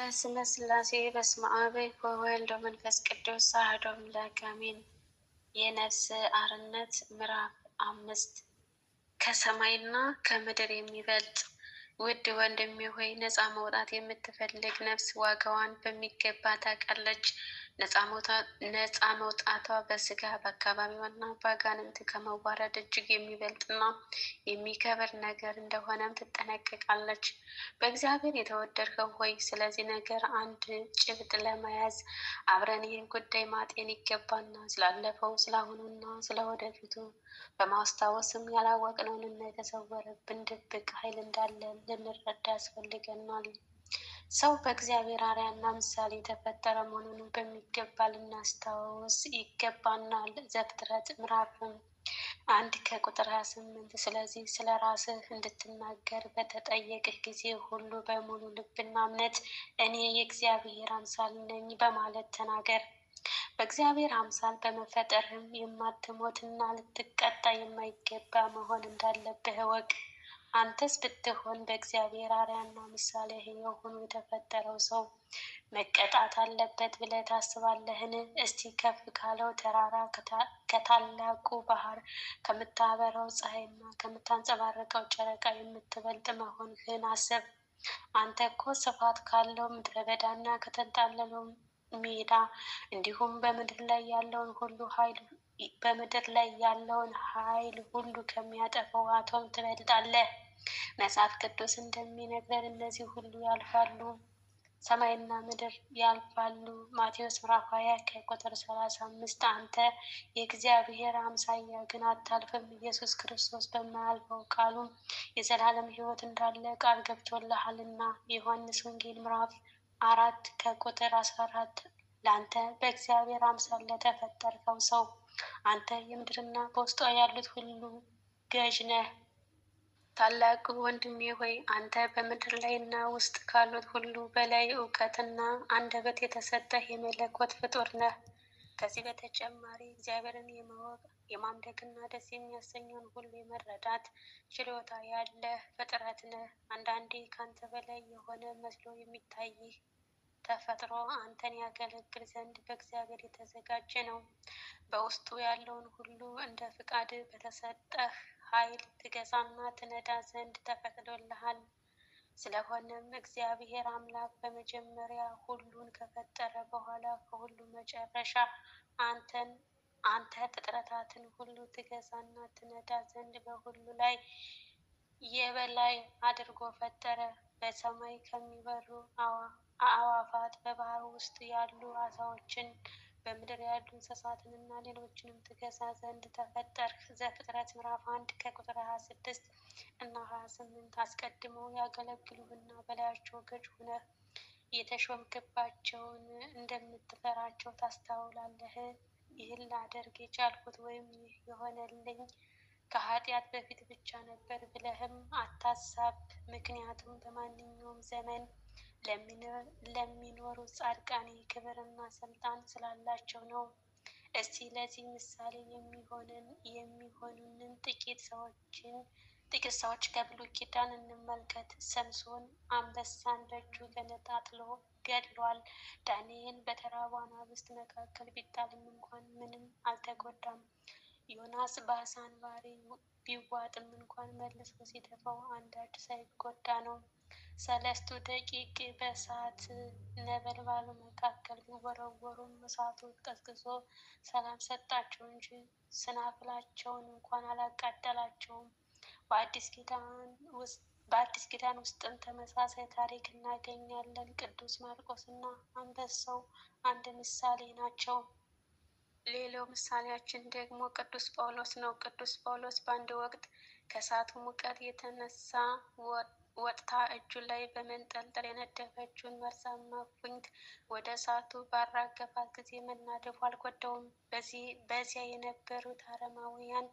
በስመ ስላሴ በስመ አብ ወወልድ ወመንፈስ ቅዱስ አሐዱ አምላክ አሜን። የነፍስ አርነት ምዕራፍ አምስት ከሰማይና ከምድር የሚበልጥ ውድ ወንድሜ ሆይ ነፃ መውጣት የምትፈልግ ነፍስ ዋጋዋን በሚገባ ታውቃለች። ነፃ መውጣቷ በስጋ በአካባቢዋና በአጋንንት ከመዋረድ እጅግ የሚበልጥና የሚከብር ነገር እንደሆነም ትጠነቀቃለች። በእግዚአብሔር የተወደድከው ሆይ ስለዚህ ነገር አንድ ጭብጥ ለመያዝ አብረን ይህን ጉዳይ ማጤን ይገባና ስላለፈው ስለአሁኑና ስለወደፊቱ በማስታወስም ያላወቅነውንና የተሰወረብን ድብቅ ኃይል እንዳለ ልንረዳ ያስፈልገናል። ሰው በእግዚአብሔር አርአያና ምሳሌ የተፈጠረ መሆኑን በሚገባ ልናስታውስ ይገባናል። ዘፍጥረት ምዕራፍም አንድ ከቁጥር ሀያ ስምንት ስለዚህ ስለ ራስህ እንድትናገር በተጠየቅህ ጊዜ ሁሉ በሙሉ ልብና እምነት እኔ የእግዚአብሔር አምሳል ነኝ በማለት ተናገር። በእግዚአብሔር አምሳል በመፈጠርህም የማትሞትና ልትቀጣ የማይገባ መሆን እንዳለብህ እወቅ። አንተስ ብትሆን በእግዚአብሔር አርያና ምሳሌ ሕያው ሆኖ የተፈጠረው ሰው መቀጣት አለበት ብለህ ታስባለህን? እስቲ ከፍ ካለው ተራራ ከታላቁ ባህር ከምታበረው ፀሐይና ከምታንጸባርቀው ጨረቃ የምትበልጥ መሆንህን አስብ። አንተ እኮ ስፋት ካለው ምድረ በዳና ከተንጣለለው ሜዳ እንዲሁም በምድር ላይ ያለውን ሁሉ ኃይል በምድር ላይ ያለውን ኃይል ሁሉ ከሚያጠፈው አቶም ትበልጣለህ። መጽሐፍ ቅዱስ እንደሚነግረን እነዚህ ሁሉ ያልፋሉ፣ ሰማይና ምድር ያልፋሉ። ማቴዎስ ምዕራፍ ሀያ ከቁጥር ሰላሳ አምስት አንተ የእግዚአብሔር አምሳያ ግን አታልፍም። ኢየሱስ ክርስቶስ በማያልፈው ቃሉም የዘላለም ሕይወት እንዳለ ቃል ገብቶልሃልና የዮሐንስ ወንጌል ምዕራፍ አራት ከቁጥር አስራ አራት ለአንተ በእግዚአብሔር አምሳል ለተፈጠርከው ሰው አንተ የምድርና በውስጧ ያሉት ሁሉ ገዥ ነህ። ታላቅ ወንድሜ ሆይ አንተ በምድር ላይ እና ውስጥ ካሉት ሁሉ በላይ እውቀትና አንደበት የተሰጠህ የመለኮት ፍጡር ነህ። ከዚህ በተጨማሪ እግዚአብሔርን የማወቅ የማምለክና ደስ የሚያሰኘውን ሁሉ የመረዳት ችሎታ ያለህ ፍጥረት ነህ። አንዳንዴ ከአንተ በላይ የሆነ መስሎ የሚታይህ ተፈጥሮ አንተን ያገለግል ዘንድ በእግዚአብሔር የተዘጋጀ ነው። በውስጡ ያለውን ሁሉ እንደ ፍቃድ በተሰጠህ ኃይል ትገዛና ትነዳ ዘንድ ተፈቅዶልሃል። ስለሆነም እግዚአብሔር አምላክ በመጀመሪያ ሁሉን ከፈጠረ በኋላ ከሁሉ መጨረሻ አንተን አንተ ፍጥረታትን ሁሉ ትገዛና ትነዳ ዘንድ በሁሉ ላይ የበላይ አድርጎ ፈጠረ። በሰማይ ከሚበሩ አዕዋፋት፣ በባህር ውስጥ ያሉ አሳዎችን በምድር ያሉ እና ሌሎችንም ትገዛ ዘንድ ተፈጠርህ። ዘፍጥረት ምዕራፍ አንድ ከቁጥር ሀያ ስድስት እና ሀያ ስምንት አስቀድመው ያገለግሉህና በላያቸው ገዥ ሆነህ የተሾምክባቸውን እንደምትፈራቸው ታስተውላለህ። ይህን ላደርግ የቻልኩት ወይም ይህ የሆነልኝ ከኃጢአት በፊት ብቻ ነበር ብለህም አታሳብ። ምክንያቱም በማንኛውም ዘመን ለሚኖሩ ጻድቃን ክብርና ስልጣን ስላላቸው ነው። እስቲ ለዚህ ምሳሌ የሚሆኑንን ጥቂት ሰዎችን ጥቂት ሰዎች ከብሉይ ኪዳን እንመልከት። ሰምሶን አንበሳን በእጁ ገነጣጥሎ ገድሏል። ዳንኤል በተራቡ አናብስት መካከል ቢጣልም እንኳን ምንም አልተጎዳም። ዮናስ በአሳ አንባሪ ቢዋጥም እንኳን መልሶ ሲደፋው አንዳች ሳይጎዳ ነው። ሰለስቱ ደቂቅ በእሳት ነበልባሉ መካከል ቢወረወሩም እሳቱ ቀዝቅዞ ሰላም ሰጣቸው እንጂ ስናፍላቸውን እንኳን አላቃጠላቸውም። በአዲስ ኪዳን ውስጥም ተመሳሳይ ታሪክ እናገኛለን። ቅዱስ ማርቆስ እና አንበሳው አንድ ምሳሌ ናቸው። ሌላው ምሳሌያችን ደግሞ ቅዱስ ጳውሎስ ነው። ቅዱስ ጳውሎስ በአንድ ወቅት ከእሳቱ ሙቀት የተነሳ ወጥታ እጁ ላይ በመንጠልጠል የነደፈችውን መርዛማ ፉኝት ወደ እሳቱ ባራገፋት ጊዜ መናደፉ አልጎዳውም። በዚያ የነበሩት አረማውያን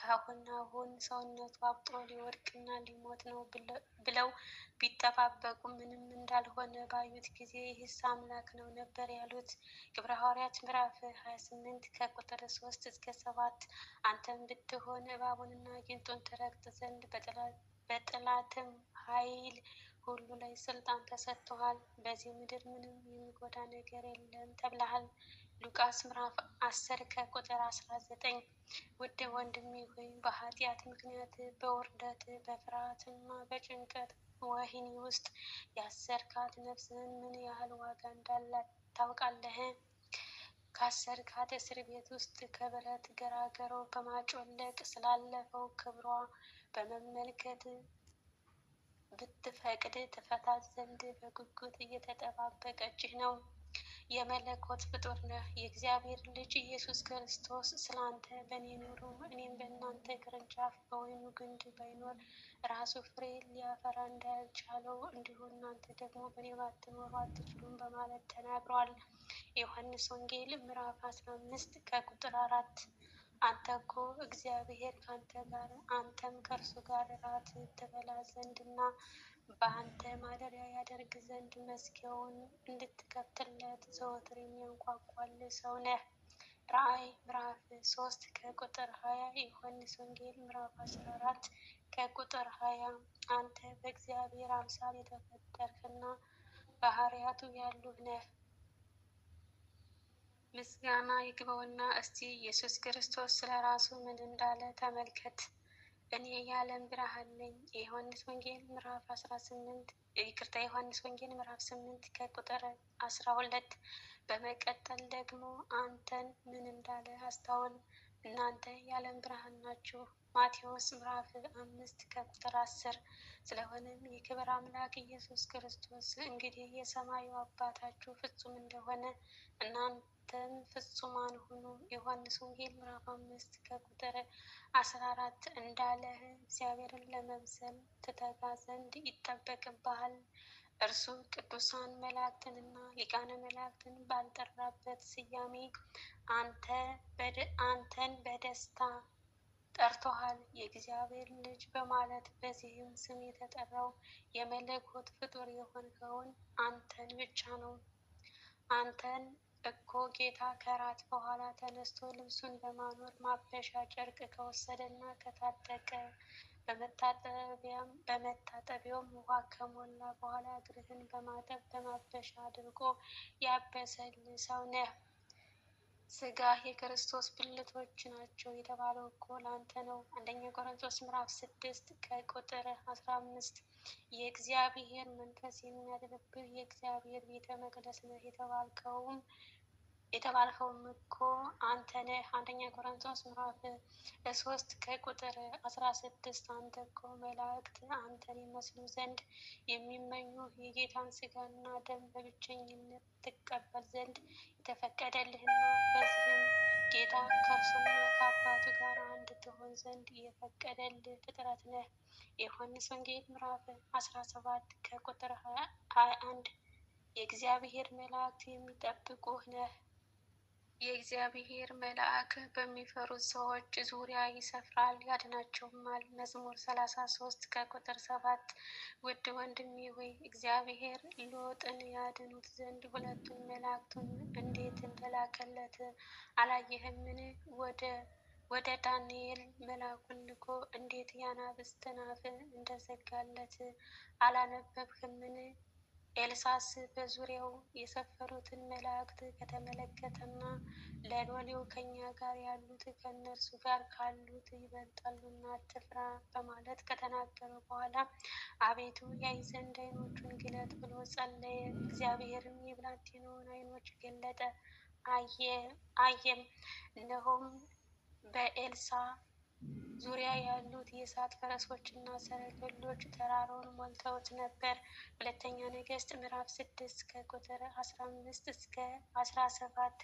ከአሁን አሁን ሰውነቱ አብጦ ሊወድቅና ሊሞት ነው ብለው ቢጠባበቁ ምንም እንዳልሆነ ባዩት ጊዜ ይህስ አምላክ ነው ነበር ያሉት። ግብረ ሐዋርያት ምዕራፍ 28 ከቁጥር 3 እስከ 7 አንተም ብትሆን እባቡንና ጊንጡን ትረግጥ ዘንድ በጠላትም ኃይል ሁሉ ላይ ስልጣን ተሰጥቷል። በዚህ ምድር ምንም የሚጎዳ ነገር የለም ተብለሃል። ሉቃስ ምዕራፍ 10 ከቁጥር 19 ውድ ወንድሜ ሆይ በኃጢአት ምክንያት በውርደት በፍርሃትና በጭንቀት ወህኒ ውስጥ ያሰርካት ነፍስህን ምን ያህል ዋጋ እንዳላት ታውቃለህ? ካሰርካት እስር ቤት ውስጥ ከብረት ገራገሮ በማጮለቅ ስላለፈው ክብሯ በመመልከት ብትፈቅድ ትፈታት ዘንድ በጉጉት እየተጠባበቀችህ ነው። የመለኮት ፍጡር ነህ። የእግዚአብሔር ልጅ ኢየሱስ ክርስቶስ ስለ አንተ በእኔ ኑሩ፣ እኔም በእናንተ ቅርንጫፍ በወይኑ ግንድ ባይኖር ራሱ ፍሬ ሊያፈራ እንዳልቻለው እንዲሁ እናንተ ደግሞ በእኔ ባትኖሩ አትችሉም በማለት ተናግሯል። የዮሐንስ ወንጌል ምዕራፍ 15 ከቁጥር አራት አንተ እኮ እግዚአብሔር ከአንተ ጋር አንተም ከእርሱ ጋር እራት ትበላ ዘንድና በአንተ ማደሪያ ያደርግ ዘንድ መስጊያውን እንድትከፍትለት ዘወትር የሚያንኳኳል ሰው ነህ። ራእይ ምዕራፍ ሶስት ከቁጥር ሀያ ዮሐንስ ወንጌል ምዕራፍ አስራ ከቁጥር ሀያ አንተ በእግዚአብሔር አምሳል የተፈጠርህና ባህሪያቱ ያሉህ ነህ። ምስጋና ይግባውና እስቲ ኢየሱስ ክርስቶስ ስለ ራሱ ምን እንዳለ ተመልከት። እኔ የዓለም ብርሃን ነኝ። የዮሐንስ ወንጌል ምዕራፍ 18 ይቅርታ፣ የዮሐንስ ወንጌል ምዕራፍ 8 ከቁጥር 12 በመቀጠል ደግሞ አንተን ምን እንዳለ አስተውል። እናንተ የዓለም ብርሃን ናችሁ። ማቴዎስ ምዕራፍ አምስት ከቁጥር አስር ስለሆነም የክብር አምላክ ኢየሱስ ክርስቶስ እንግዲህ የሰማዩ አባታችሁ ፍጹም እንደሆነ እናንተም ፍጹማን ሁኑ። ዮሐንስ ወንጌል ምዕራፍ አምስት ከቁጥር አስራ አራት እንዳለ እግዚአብሔርን ለመምሰል ትተጋ ዘንድ ይጠበቅብሃል። እርሱ ቅዱሳን መላእክትንና ሊቃነ መላእክትን ባልጠራበት ስያሜ አንተን በደስታ ጠርቶሃል የእግዚአብሔር ልጅ በማለት በዚህም ስም የተጠራው የመለኮት ፍጡር የሆንከውን አንተን ብቻ ነው። አንተን እኮ ጌታ ከራት በኋላ ተነስቶ ልብሱን በማኖር ማበሻ ጨርቅ ከወሰደና ከታጠቀ በመታጠቢያውም ውሃ ከሞላ በኋላ እግርህን በማጠብ በማበሻ አድርጎ ሰው ነህ። ስጋ የክርስቶስ ብልቶች ናቸው የተባለው እኮ ለአንተ ነው። አንደኛ ቆሮንቶስ ምዕራፍ ስድስት ከቁጥር አስራ አምስት የእግዚአብሔር መንፈስ የሚያድርብህ የእግዚአብሔር ቤተ መቅደስ ነህ የተባልከውም የተባልከውም እኮ አንተ ነህ። አንደኛ ቆሮንቶስ ምዕራፍ ሶስት ከቁጥር አስራ ስድስት አንተ እኮ መላእክት አንተን ይመስሉ ዘንድ የሚመኙ የጌታን ስጋና ደም በብቸኝነት ትቀበል ዘንድ የተፈቀደልህና በዚህም ጌታ ከእርሱና ከአባቱ ጋር አንድ ትሆን ዘንድ የፈቀደልህ ፍጥረት ነህ። የዮሐንስ ወንጌል ምዕራፍ አስራ ሰባት ከቁጥር ሀያ አንድ የእግዚአብሔር መላእክት የሚጠብቁህ ነህ። የእግዚአብሔር መልአክ በሚፈሩት ሰዎች ዙሪያ ይሰፍራል ያድናቸውማል። መዝሙር 33 ከቁጥር 7 ውድ ወንድሜ ወይ እግዚአብሔር ሎጥን ያድኑት ዘንድ ሁለቱን መላእክቱን እንዴት እንደላከለት አላየህምን? ወደ ወደ ዳንኤል መልአኩን ልኮ እንዴት ያናብስትን አፍ እንደዘጋለት አላነበብህምን? ኤልሳስ በዙሪያው የሰፈሩትን መላእክት ከተመለከተና ለሎሌው ከኛ ጋር ያሉት ከእነርሱ ጋር ካሉት ይበልጣሉና አትፍራ በማለት ከተናገረ በኋላ አቤቱ ያይ ዘንድ ዓይኖቹን ግለጥ ብሎ ጸለየ። እግዚአብሔርም የብላቴናውን ዓይኖች ገለጠ፣ አየም እነሆም በኤልሳ ዙሪያ ያሉት የእሳት ፈረሶችና ሰረገሎች ተራራውን ሞልተውት ነበር። ሁለተኛ ነገሥት ምዕራፍ ስድስት ከቁጥር አስራ አምስት እስከ አስራ ሰባት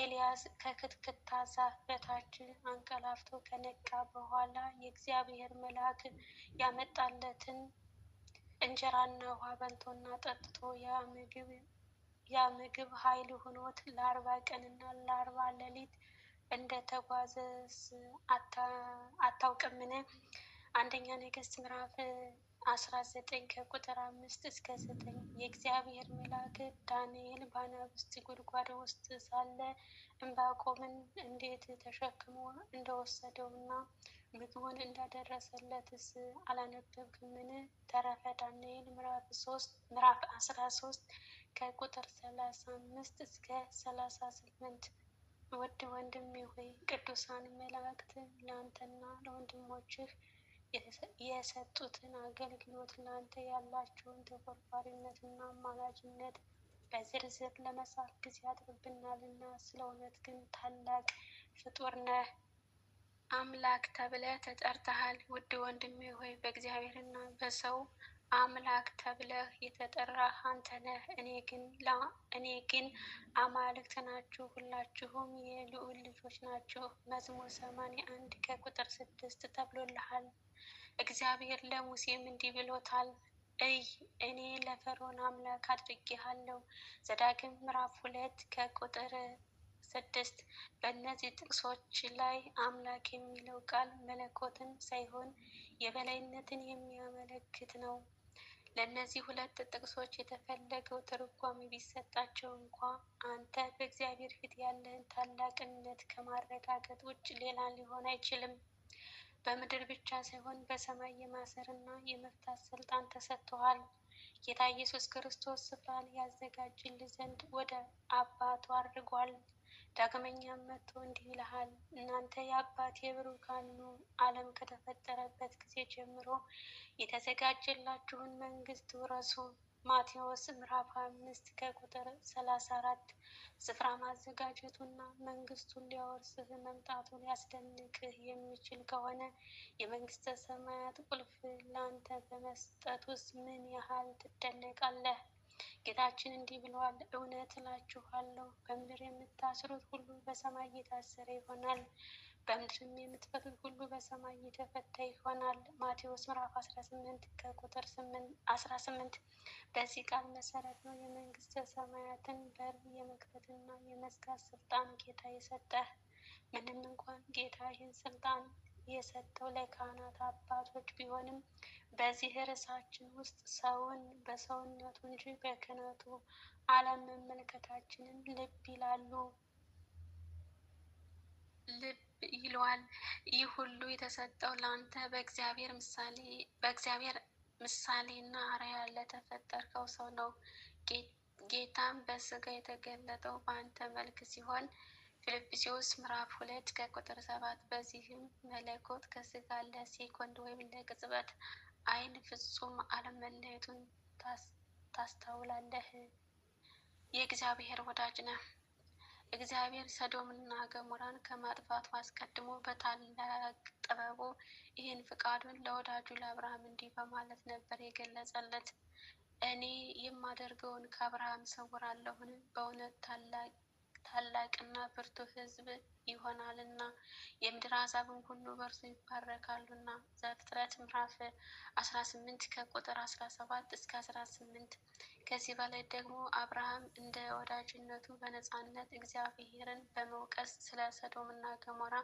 ኤልያስ ከክትክታ ዛፍ በታች አንቀላፍቶ ከነቃ በኋላ የእግዚአብሔር መልአክ ያመጣለትን እንጀራና ውሃ በልቶና ጠጥቶ ያ ምግብ ኃይል ሆኖት ለአርባ ቀንና ለአርባ ሌሊት እንደ እንደተጓዘስ አታውቅምን? አንደኛ ነገሥት ምዕራፍ አስራ ዘጠኝ ከቁጥር አምስት እስከ ዘጠኝ የእግዚአብሔር መልአክ ዳንኤል በአናብስት ጉድጓድ ውስጥ ሳለ ዕንባቆምን እንዴት ተሸክሞ እንደወሰደውና ምግቡን እንዳደረሰለትስ አላነበብክምን? ተረፈ ዳንኤል ምዕራፍ ሶስት ምዕራፍ አስራ ሶስት ከቁጥር ሰላሳ አምስት እስከ ሰላሳ ስምንት ውድ ወንድሜ ሆይ ቅዱሳን መላእክት ለአንተና ለወንድሞችህ የሰጡትን አገልግሎት ለአንተ ያላቸውን ተቆርቋሪነትና አማላጅነት በዝርዝር ለመጻፍ ጊዜ አጥርብናልና ስለ እውነት ግን ታላቅ ፍጡር ነህ አምላክ ተብለህ ተጠርተሃል። ውድ ወንድሜ ሆይ በእግዚአብሔርና በሰው አምላክ ተብለህ የተጠራህ አንተ ነህ። እኔ ግን አማልክት ናችሁ፣ ሁላችሁም የልዑል ልጆች ናችሁ። መዝሙር ሰማንያ አንድ ከቁጥር ስድስት ተብሎልሃል። እግዚአብሔር ለሙሴም እንዲህ ብሎታል፣ እይ እኔ ለፈርዖን አምላክ አድርጌሃለሁ። ዘዳግም ምዕራፍ ሁለት ከቁጥር ስድስት በእነዚህ ጥቅሶች ላይ አምላክ የሚለው ቃል መለኮትን ሳይሆን የበላይነትን የሚያመለክት ነው። ለእነዚህ ሁለት ጥቅሶች የተፈለገው ትርጓሜ ቢሰጣቸው እንኳ አንተ በእግዚአብሔር ፊት ያለህን ታላቅነት ከማረጋገጥ ውጭ ሌላ ሊሆን አይችልም። በምድር ብቻ ሳይሆን በሰማይ የማሰርና የመፍታት ስልጣን ተሰጥቶሃል። ጌታ ኢየሱስ ክርስቶስ ስፍራን ያዘጋጅልህ ዘንድ ወደ አባቱ አድርጓል። ዳግመኛም መጥቶ እንዲህ ይልሃል፣ እናንተ የአባቴ የብሩካኑ ዓለም ከተፈጠረበት ጊዜ ጀምሮ የተዘጋጀላችሁን መንግስት ውረሱ። ማቴዎስ ምዕራፍ አምስት ከቁጥር ሰላሳ አራት ስፍራ ማዘጋጀቱና መንግስቱን ሊያወርስህ መምጣቱ ሊያስደንቅህ የሚችል ከሆነ የመንግስተ ሰማያት ቁልፍ ላንተ በመስጠት ውስጥ ምን ያህል ትደነቃለህ? ጌታችን እንዲህ ብለዋል፣ እውነት እላችኋለሁ በምድር የምታስሩት ሁሉ በሰማይ የታሰረ ይሆናል፣ በምድርም የምትፈቱት ሁሉ በሰማይ የተፈታ ይሆናል። ማቴዎስ ምዕራፍ 18 ከቁጥር 18። በዚህ ቃል መሰረት ነው የመንግስተ ሰማያትን በር የመክፈትና የመዝጋት ስልጣን ጌታ የሰጠ ምንም እንኳን ጌታ ይህን ስልጣን የሰጠው ለካህናት አባቶች ቢሆንም በዚህ ርዕሳችን ውስጥ ሰውን በሰውነቱ እንጂ በክህነቱ አለመመልከታችንን ልብ ይላሉ ልብ ይህ ሁሉ የተሰጠው ለአንተ በእግዚአብሔር ምሳሌ በእግዚአብሔር ምሳሌና አርአያ ለተፈጠርከው ሰው ነው። ጌታም በስጋ የተገለጠው በአንተ መልክ ሲሆን ፊልጵስዩስ ምዕራፍ ሁለት ከቁጥር ሰባት በዚህም መለኮት ከስጋ ለሴኮንድ ወይም ለቅጽበት አይን ፍጹም አለመለየቱን ታስተውላለህ። የእግዚአብሔር ወዳጅ ነው። እግዚአብሔር ሰዶምና ገሞራን ከማጥፋቱ አስቀድሞ በታላቅ ጥበቡ ይህን ፍቃዱን ለወዳጁ ለአብርሃም እንዲህ በማለት ነበር የገለጸለት፣ እኔ የማደርገውን ከአብርሃም ሰውራለሁን? በእውነት ታላቅ ታላቅና ብርቱ ሕዝብ ይሆናልና የምድር አሕዛብም ሁሉ በእርሱ ይባረካሉና። ዘፍጥረት ምዕራፍ 18 ከቁጥር 17 እስከ 18። ከዚህ በላይ ደግሞ አብርሃም እንደ ወዳጅነቱ በነፃነት እግዚአብሔርን በመውቀስ ስለ ሰዶምና ገሞራ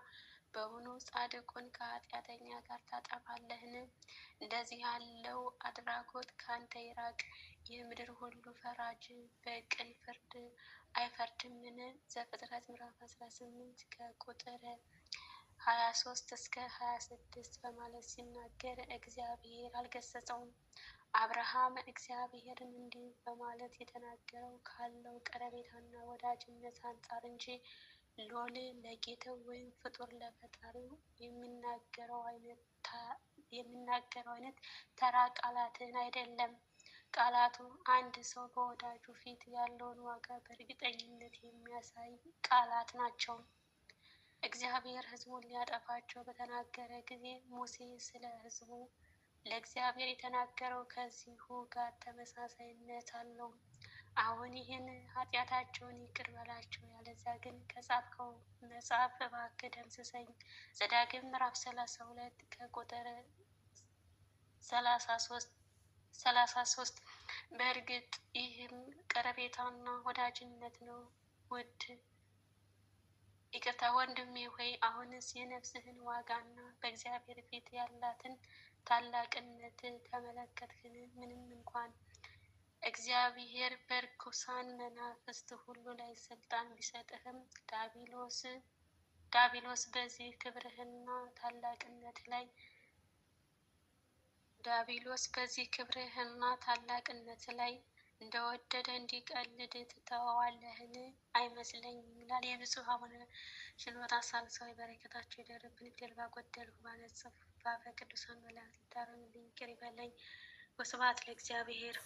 በውኑ ጻድቁን ከኃጢአተኛ ጋር ታጠፋለህን? እንደዚህ ያለው አድራጎት ከአንተ ይራቅ። የምድር ሁሉ ፈራጅ በቅን ፍርድ ድምነ ዘፍጥረት ምዕራፍ 18 ከቁጥር 23 እስከ 26 በማለት ሲናገር እግዚአብሔር አልገሰጸውም። አብርሃም እግዚአብሔርን እንዲህ በማለት የተናገረው ካለው ቀረቤታና ወዳጅነት አንጻር እንጂ ሎሌ ለጌታው ወይም ፍጡር ለፈጣሪው የሚናገረው አይነት ተራ ቃላትን አይደለም። ቃላቱ አንድ ሰው በወዳጁ ፊት ያለውን ዋጋ በእርግጠኝነት የሚያሳይ ቃላት ናቸው። እግዚአብሔር ሕዝቡን ሊያጠፋቸው በተናገረ ጊዜ ሙሴ ስለ ሕዝቡ ለእግዚአብሔር የተናገረው ከዚሁ ጋር ተመሳሳይነት አለው። አሁን ይህን ኃጢአታቸውን ይቅር በላቸው፣ ያለዚያ ግን ከጻፍከው መጽሐፍ እባክህ ደምስሰኝ። ዘዳግም ምዕራፍ ሰላሳ ሁለት ከቁጥር ሰላሳ ሶስት ሰላሳ ሶስት በእርግጥ ይህም ቀረቤታና ወዳጅነት ነው። ውድ ይቅርታ ወንድሜ ሆይ አሁንስ የነፍስህን ዋጋና በእግዚአብሔር ፊት ያላትን ታላቅነት ተመለከትህን። ምንም እንኳን እግዚአብሔር በርኩሳን መናፍስት ሁሉ ላይ ስልጣን ቢሰጥህም ዳቢሎስ ዳቢሎስ በዚህ ክብርህና ታላቅነት ላይ ዲያብሎስ በዚህ ክብርህና ታላቅነት ላይ እንደወደደ እንዲቀልድ ትተወዋለህን? አይመስለኝም ይላል የብፁዕ አቡነ ሽኖዳ ሳልሳዊ። በረከታቸው ይደርብን። ጀልባ ጎደልሁ ባነጽፍ በአፈ ቅዱሳን መላእክት ይታረንልኝ፣ ይቅር ይበለኝ። ወስብሐት ለእግዚአብሔር።